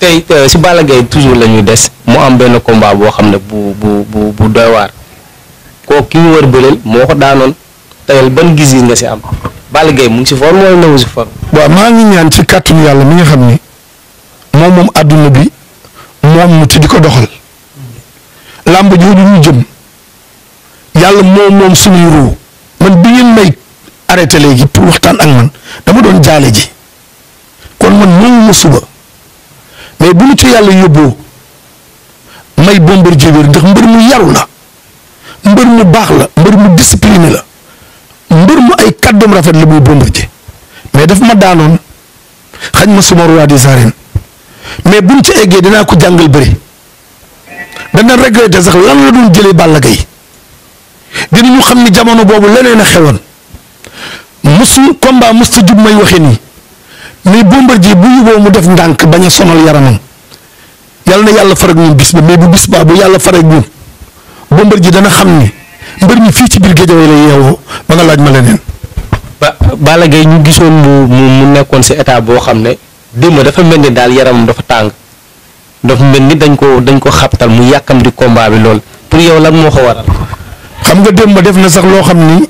tey tey si Balla Gaye toujours la ñuy des mu am benn combat boo xam ne bu bu bu bu doy waar kooku ki ñu war bëreel moo ko daanoon teyal ban gis-gis nga si am Balla Gaye mu ngi si forme wala newu si forme. waaw maa ngi ñaan ci kàttanu yàlla mi nga xam ni moom moom àdduna bi moom mu ko doxal làmb jooju ñu jëm yàlla man bi ngeen may arrêté léegi pour waxtaan ak man dama doon jaale ji kon man ñëw ma suba. mais bu ñu ci yàlla yóbboo may Bombardier wér ndax mbër mu yaru la mbër mu baax la mbër mu discipliné la mbër mu ay kàddoom rafet la muy Bombardier mais daf ma daanoon xañ ma suma roi des arènes mais buñ ci eggee danaa ko jàngal bëri dana regretté sax lan la doon jëlee Balla Gaye dinañu xam ni jamono boobu leneen a xewoon mosul combat mos ta jub may waxee nii mais Bombardier bu yuboo mu def ndànk bañ a sonal yaramam yàlla na yàlla farag ñun gis ba mais bu bis baa bu yàlla farag ñun ji dana xam ni mbër mi fii ci biir géej la yeewoo ba nga laaj ma leneen. ba Balla ñu gisoon mu mu nekkoon si état boo xam ne démb dafa mel ni daal yaramam dafa tàng dafa mel ni dañ ko dañ ko xabtal mu yàkkam di combat bi lool pour yow lan moo ko waral. xam nga démb def na sax loo xam ni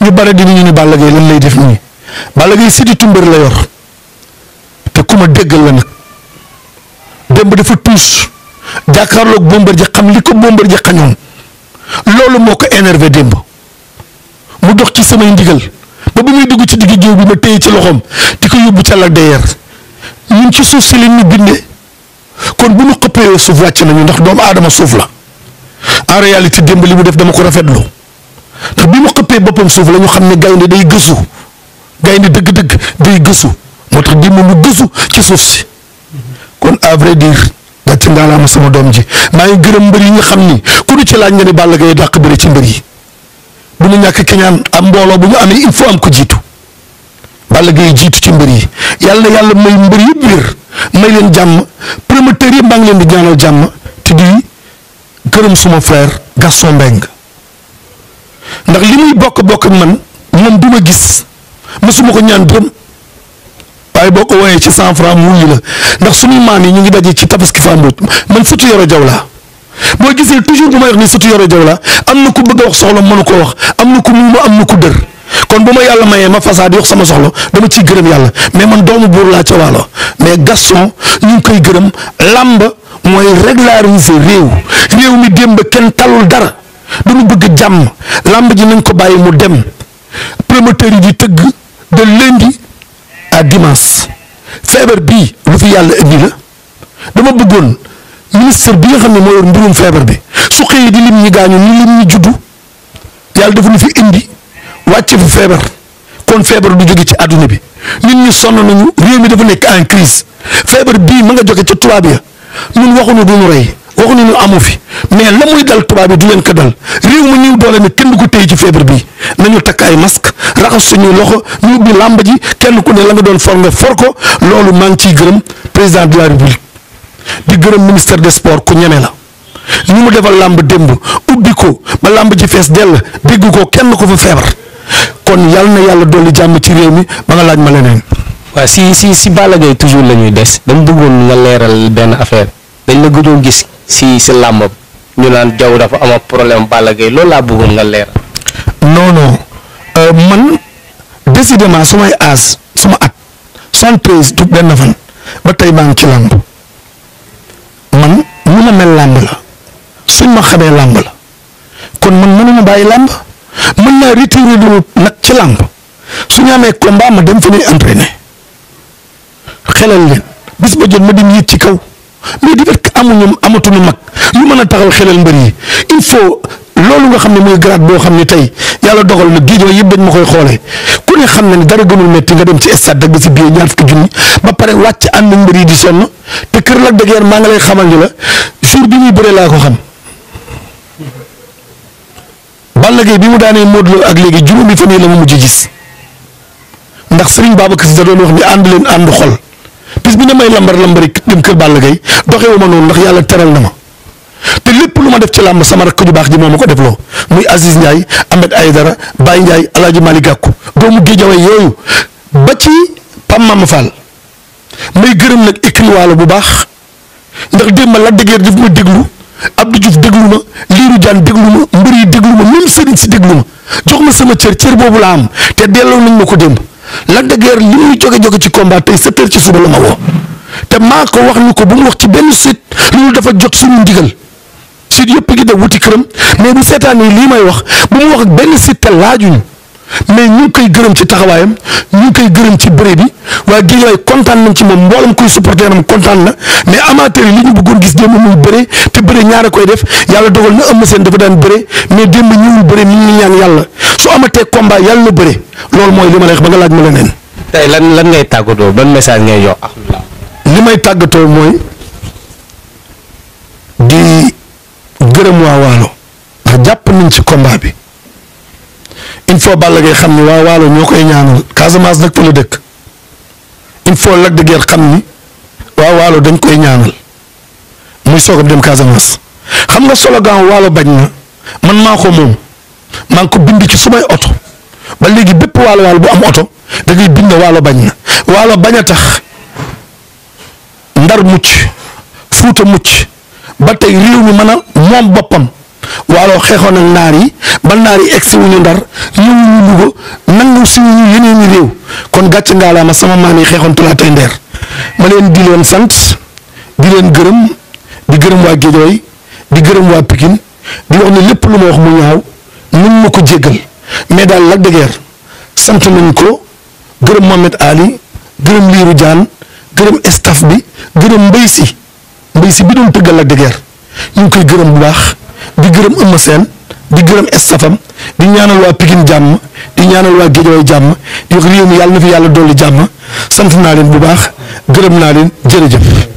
ñu bare dinañu ni Balla Gaye lan lay def nii Balla Gaye siti tumbër la yor. ma déggal la nag démb dafa tuus jàkkaarloog Bombardier xam li ko Bombardier xañoon loolu moo ko énervé démb mu dox ci samay ndigal ba bu muy dugg ci digg géew bi ma téye ci loxoom di ko yóbbu ca lag deyeer ñun ci suuf si leen ñu bindee kon bu ñu xëppee suuf wàcc nañu ndax doomu aadama suuf la en réalité démb li mu def dama ko rafetlu ndax bi mu xëppee boppam suuf la ñu xam ne gaynde day gësu gaynde dëgg-dëgg day gësu moo tax jéem lu gëstu ci suuf si kon à vrai dire gàcce ngaalaama sama doom ji maa ngi gërëm mbër yi nga xam ni ku ñu ci laaj nga ni Balla Gaye dàq bëri ci mbër yi bu mu ñàkk keñaan am mbooloo bu mu amee il faut am ko jiitu Balla Gaye jiitu ci mbër yi yàlla yàlla may mbër yëpp wér may leen jàmm promoteur yëpp maa ngi leen di ñaanal jàmm te gërëm suma frère Gaston Mbengue ndax li muy bokk bokk ak man moom du ma gis mësuma ko ñaan dërëm waaye boo ko woyee ci cent franc mu wuyu la ndax suñu maam yi ñu ngi daje ci tabaski Fambaud man sëtu Yoro Jaw laa gisee toujours bu may wax ni sëtu Yoro Jaw laa am na ku bëgg a wax soxla mënu ko wax am na ku muuma am na ku dër kon bu ma yàlla mayee ma façade yox sama soxla dama ciy gërëm yàlla mais man doomu buur laa ca waalo mais Gaston ñu ngi koy gërëm làmb mooy régulariser réew réew mi démb kenn talul dara dañu bëgg jàmm làmb ji nañ ko bàyyi mu dem promoteur yi à dimanche feebar bii lu fi yàlla indi la dama bëggoon ministre bi nga xam ne moo yor mbirum feebar bi su xëyee di lim ñi gaañu ni lim ñi juddu yàlla dafa ñu fi indi wàcce fi feebar kon feebar du jóge ci àdduna bi nit ñi sonn nañu réew mi dafa nekk en crise feebar bii ma nga jóge ca tubaab ya ñun waxuñu du ñu rey waxuñu ñu amu fi. mais la muy dal tubaab yi du leen ko dal réew mu ñëw doole mi kenn du ko téye ci feebar bi nañu takk ay masque raxas suñuy loxo ñu ubbi làmb ji kenn ku ne la nga doon for nga for ko loolu maa ngi ciy gërëm président de la république di gërëm ministère des sport ku ñeme la ñu mu defal làmb démb ubbi ko ba làmb ji fees dell dégg ko kenn ko fi feebar kon yàlla na yàlla dolli jàmm ci réew mi ba nga laaj ma leneen. waa si si si Balla Gaye toujours la ñuy des dama bëggoon nga leeral benn affaire dañ la gëjoon gis si si làmbam ñu laan jaww dafa ama problème Balla Gaye loolu laa bëggoon nga leer. non euh, man décidément su may aas suma at soixante-treize du benn fan ba tey maa ngi ci làmb man ñu ma mel làmb la suñ ma xamee làmb la kon man mënuma bàyyi làmb mën naa retiré du nag ci làmb su ñu amee combat ma dem fa ñuy entraîné xelal leen bis ba jot ma di yéeg ci kaw mais di fekk amuñu amatuñu mag. li mën a taxal xelal mbër yi il faut loolu nga xam ne mooy grade boo xam ne tey yàlla doxal na géejoo yëpp dañ ma koy xoolee ku ne xam na ne dara gënul métti nga dem ci stade dag ba si biir ñaar fukki ba pare wàcc ànd mbër yi di sonn te kër Lac de maa ngi lay xamal ni la jour bi muy bëree laa ko xam. Balla bi mu daanee Modou ak léegi juróomi fan yi la ma mujj gis ndax Serigne Babacar Sy da doon wax ni ànd leen ànd xol bis bi ne may lambar lambari dem kër Balla Gaye doxewuma noonu ndax yàlla teral na ma. te lépp lu ma def ci làmb sama ko ju baax ji moom ma ko defloo muy Aziz Ndiaye Ahmed Aydara Baye Ndiaye El Hadj Malick Gakou doomu Géejawaay yooyu ba ci Pam Mama Fall may gërëm nag ikki waalo bu baax ndax démb la dëggeer daf ma déglu Abdou Diouf déglu ma Lirou Diane déglu ma mbër déglu ma même Serigne si déglu ma jox ma sama cër cër boobu la am te delloo nañ ma ko démb la dëggeer li muy jóge jóge ci combat tey sept heures ci suba la ma woo te maa ko wax ni ko bu mu wax ci benn suite loolu dafa jot suñu ndigal. site yëpp ngi dem wuti këram mais bu seetaanee lii may wax bu mu wax ak benn site te laajuñu mais ñu ngi koy gërëm ci taxawaayam ñu ngi koy gërëm ci bëre bi waaye gii waay kontaan nañ ci moom mboolam koy supporter am kontaan na mais amateur yi li ñu bëggoon gis démb muy bëre te bëre ñaara koy def yàlla dogal na ëmm seen dafa daan bëre mais démb ñëwul bëre ñu ngi ñaan yàlla su amatee combat yàlla na bëre loolu mooy li ma lay wax ba nga laaj ma leneen. tey lan lan ngay tàggatoo ban message ngay jox li may tàggatoo mooy. gërëm waa waalo ndax jàpp nañ ci combat bi il faut Balla Gaye xam ni waa waalo ñoo koy ñaanal Casamance nag fa la dëkk il faut Lac de Guiers xam ni waa waalo dañ koy ñaanal muy soogam dem Casamance xam nga slogan waalo bañ na man maa ko moom maa ngi ko bind ci sumay oto ba léegi bépp waalo waalo bu am oto da ngay bind waalo bañ na waalo bañ a tax ndar mucc fuuta mucc ba tey réew mi mën a moom boppam waaloo xeexoon ak naar yi ba naar yi egsi wuñu ndar ñëwuñu Louga nangu suñu yeneen i réew kon gàcce ngaalaama sama maam yi xeexoon Talaatay Ndeer ma leen di leen sant di leen gërëm di gërëm waa Géejawaay di gërëm waa Pikine di wax ne lépp lu ma wax mu ñaaw mën ma ko jéggal mais daal Lac de Guiers sant nañ ko gërëm Mohamed Ali gërëm Lirou Diane gërëm staff bi gërëm Mbaye Sy Mbaye Sy bi doon tëggal Lac de ñu ngi koy gërëm bu baax di gërëm Eumeu Sène di gërëm estafam di ñaanal waa Pikine jàmm di ñaanal waa Guédiawaye jàmm di wax réew mi yàlla na fi yàlla dolli jàmm sant naa leen bu baax gërëm naa leen jërëjëf.